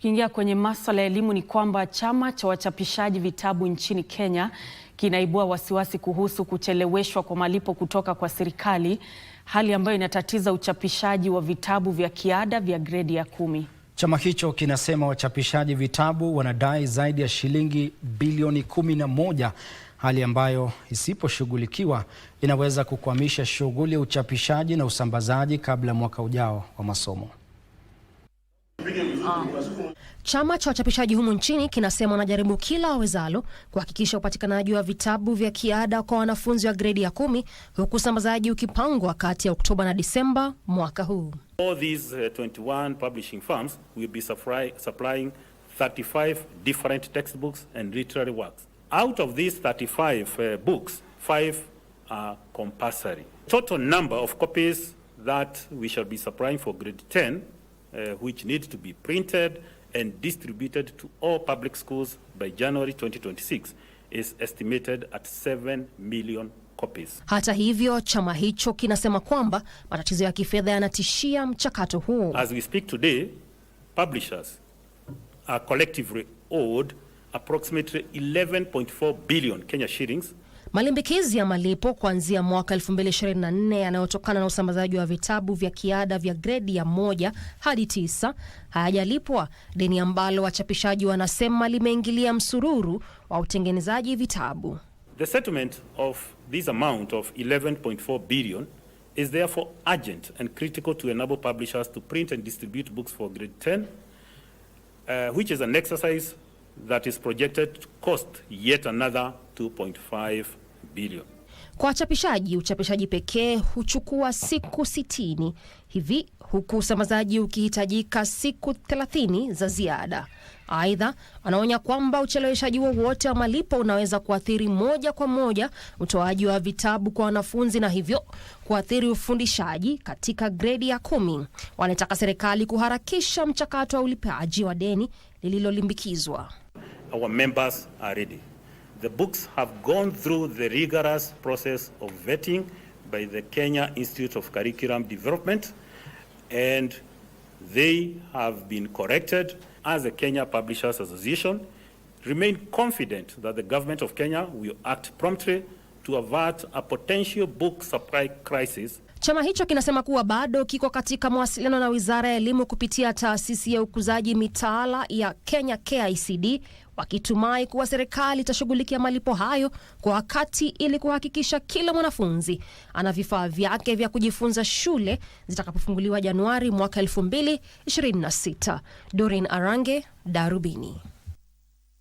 Tukiingia kwenye masuala ya elimu ni kwamba chama cha wachapishaji vitabu nchini Kenya kinaibua wasiwasi kuhusu kucheleweshwa kwa malipo kutoka kwa serikali, hali ambayo inatatiza uchapishaji wa vitabu vya kiada vya gredi ya kumi. Chama hicho kinasema wachapishaji vitabu wanadai zaidi ya shilingi bilioni kumi na moja, hali ambayo isiposhughulikiwa inaweza kukwamisha shughuli ya uchapishaji na usambazaji kabla mwaka ujao wa masomo. Chama cha wachapishaji humu nchini kinasema wanajaribu kila wawezalo kuhakikisha upatikanaji wa vitabu vya kiada kwa wanafunzi wa gredi ya kumi huku usambazaji ukipangwa kati ya Oktoba na Disemba mwaka huu. All these, uh, 21 publishing firms will be supplying 35 different textbooks and literary works. Out of these 35 uh, books, 5 are compulsory. Total number of copies that we shall be supplying for grade 10 uh, which need to be printed and distributed to all public schools by January 2026 is estimated at 7 million copies. Hata hivyo, chama hicho kinasema kwamba matatizo ya kifedha yanatishia mchakato huu. As we speak today, publishers are collectively owed approximately 11.4 billion Kenya shillings Malimbikizi ya malipo kuanzia mwaka 2024 yanayotokana na usambazaji wa vitabu vya kiada vya gredi ya moja hadi tisa hayajalipwa, deni ambalo wachapishaji wanasema limeingilia msururu wa utengenezaji vitabu. The settlement of this amount of 11.4 billion is therefore urgent and critical to enable publishers to print and distribute books for grade 10 uh, which is an exercise that is projected to cost yet another 2.5 billion. Kwa wachapishaji, uchapishaji pekee huchukua siku sitini hivi huku usambazaji ukihitajika siku 30 za ziada. Aidha, anaonya kwamba ucheleweshaji wowote wa malipo unaweza kuathiri moja kwa moja utoaji wa vitabu kwa wanafunzi na hivyo kuathiri ufundishaji katika gredi ya kumi. Wanataka serikali kuharakisha mchakato wa ulipaji wa deni lililolimbikizwa. Our members are ready. The books have gone through the rigorous process of vetting by the Kenya Institute of Curriculum Development and they have been corrected. As the Kenya Publishers Association, remain confident that the government of Kenya will act promptly to avert a potential book supply crisis Chama hicho kinasema kuwa bado kiko katika mawasiliano na Wizara ya Elimu kupitia taasisi ya ukuzaji mitaala ya Kenya KICD, wakitumai kuwa serikali itashughulikia malipo hayo kwa wakati ili kuhakikisha kila mwanafunzi ana vifaa vyake vya kujifunza shule zitakapofunguliwa Januari mwaka 2026. dorin Arange, Darubini.